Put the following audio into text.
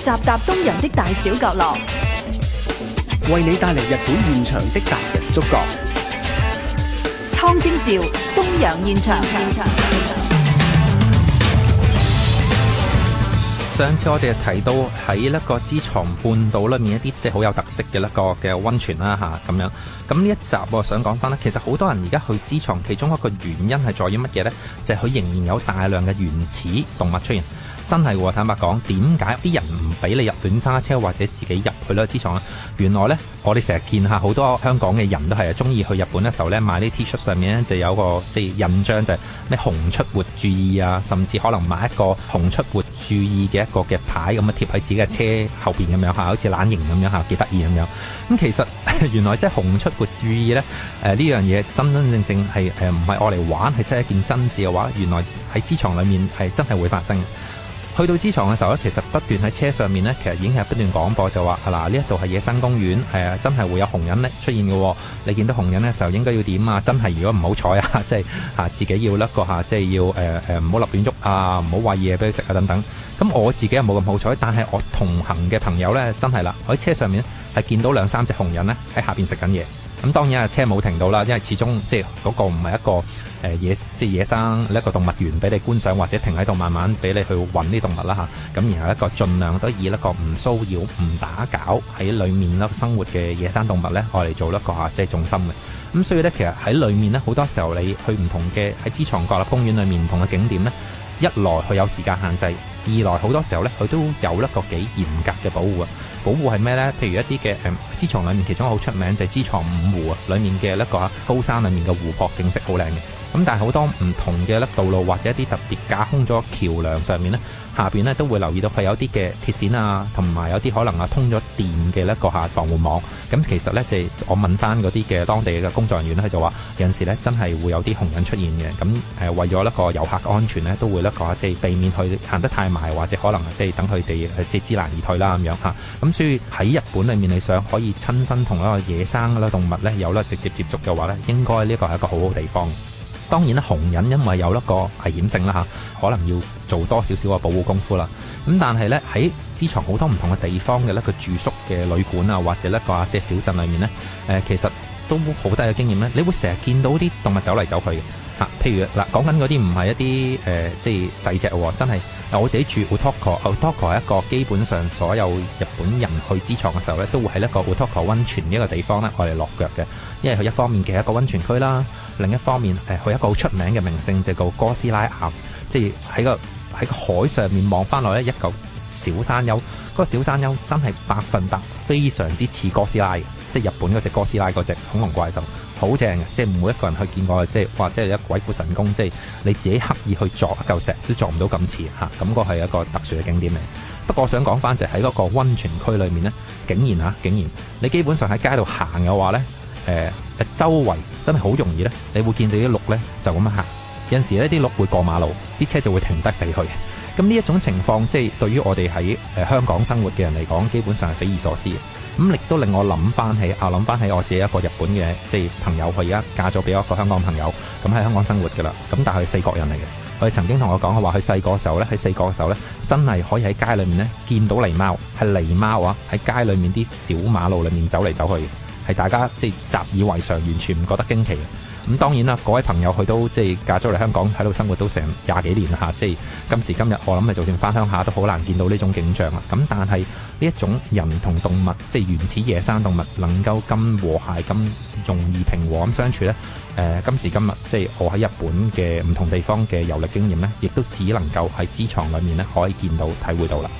.集沓東洋的大小角落，為你帶嚟日本現場的達人觸角湯蒸兆東洋現場。上次我哋提到喺一個知床半島裏面一啲即係好有特色嘅一個嘅温泉啦吓，咁樣咁呢一集我想講翻呢，其實好多人而家去知床其中一個原因係在於乜嘢呢？就係、是、佢仍然有大量嘅原始動物出現。真係喎！坦白講，點解啲人唔俾你入短揸車或者自己入去咧？知床啊，原來呢，我哋成日見下好多香港嘅人都係啊，中意去日本嘅時候呢，買啲 T 恤上面就有個即係印章，就係咩熊出沒注意啊，甚至可能買一個熊出沒注意嘅一個嘅牌咁咪貼喺自己嘅車後面咁樣嚇，好似懶型咁樣嚇，幾得意咁樣。咁其實原來即係熊出沒注意呢，呢樣嘢真真正正係誒唔係我嚟玩，係真係一件真事嘅話，原來喺知床裡面係真係會發生。去到知床嘅時候咧，其實不斷喺車上面咧，其實已經係不斷廣播就話，嗱，呢一度係野生公園，係啊，真係會有熊人咧出現嘅。你見到熊人嘅時候應該要點啊？真係如果唔好彩啊，即係嚇自己要甩個下，即係要誒誒唔好立亂喐啊，唔好餵嘢俾佢食啊等等。咁我自己又冇咁好彩，但係我同行嘅朋友呢，真係啦，喺車上面係見到兩三隻熊人呢，喺下邊食緊嘢。咁當然啊，車冇停到啦，因為始終即係嗰個唔係一個。誒野即係野生一個動物園，俾你觀賞或者停喺度，慢慢俾你去揾啲動物啦嚇。咁、啊、然後一個盡量都以一個唔騷擾、唔打攪喺裡面的生活嘅野生動物呢，我哋做一個即係重心嘅。咁所以呢，其實喺裡面呢，好多時候你去唔同嘅喺知床國立公園裡面唔同嘅景點呢，一來佢有時間限制，二來好多時候呢，佢都有一個幾嚴格嘅保護啊。保護係咩呢？譬如一啲嘅誒知床裡面，其中好出名就係、是、知床五湖啊，裡面嘅一個高山裡面嘅湖泊景色好靚嘅。咁，但係好多唔同嘅道路，或者一啲特別架空咗橋梁上面，呢下面呢都會留意到佢有啲嘅鐵線啊，同埋有啲可能啊通咗電嘅一個下防護網。咁其實呢，即係我問翻嗰啲嘅當地嘅工作人員咧，佢就話有陣時呢真係會有啲熊人出現嘅。咁係為咗一個遊客安全呢，都會咧個即係避免去行得太埋，或者可能即係等佢哋即係知難而退啦咁樣，吓，咁所以喺日本裏面，你想可以親身同一個野生嘅動物呢，有咧直接接觸嘅話呢，應該呢個係一個好好地方。當然咧，熊人因為有一個危險性啦嚇，可能要做多少少嘅保護功夫啦。咁但係咧，喺知床好多唔同嘅地方嘅咧，佢住宿嘅旅館啊，或者咧個即係小鎮裏面咧，誒、呃、其實都好多嘅經驗咧。你會成日見到啲動物走嚟走去嘅嚇、啊。譬如嗱，講緊嗰啲唔係一啲誒、呃、即係細隻喎，真係我自己住 Otoko Otoko 係一個基本上所有日本人去知床嘅時候咧，都會喺一個 Otoko 温泉一個地方咧，我哋落腳嘅，因為佢一方面嘅一個温泉區啦。另一方面，誒佢一個好出名嘅名勝就叫、是、哥斯拉岩，即係喺個喺海上面望翻落咧，一嚿小山丘，嗰、那個小山丘真係百分百非常之似哥斯拉即係、就是、日本嗰隻哥斯拉嗰隻恐龍怪獸，好正嘅，即、就、係、是、每一個人去見過，即係者即一鬼斧神工，即、就、係、是、你自己刻意去撞一嚿石都撞唔到咁似嚇，咁、啊那個係一個特殊嘅景點嚟。不過想講翻就喺、是、嗰個温泉區裏面呢，竟然嚇，竟然你基本上喺街度行嘅話呢。誒周圍真係好容易呢，你會見到啲鹿呢就咁行，有陣時咧啲鹿會過馬路，啲車就會停得俾佢。咁呢一種情況，即係對於我哋喺誒香港生活嘅人嚟講，基本上係匪夷所思。咁亦都令我諗翻起啊，諗翻起我自己一個日本嘅即係朋友，佢而家嫁咗俾一個香港朋友，咁喺香港生活噶啦。咁但係佢四國人嚟嘅，佢曾經同我講，佢話佢細個時候呢，喺四國嘅時候呢，真係可以喺街裏面呢見到狸貓，係狸貓啊，喺街裏面啲小馬路裏面走嚟走去。係大家即係習以為常，完全唔覺得驚奇嘅。咁當然啦，嗰位朋友佢都即係嫁咗嚟香港，喺度生活都成廿幾年啦嚇，即係今時今日，我諗咪就算翻鄉下都好難見到呢種景象啦。咁但係呢一種人同動物即係、就是、原始野生動物能夠咁和諧、咁容易平和咁相處呢誒、呃、今時今日即係、就是、我喺日本嘅唔同地方嘅遊歷經驗呢，亦都只能夠喺知床裏面呢可以見到、體會到啦。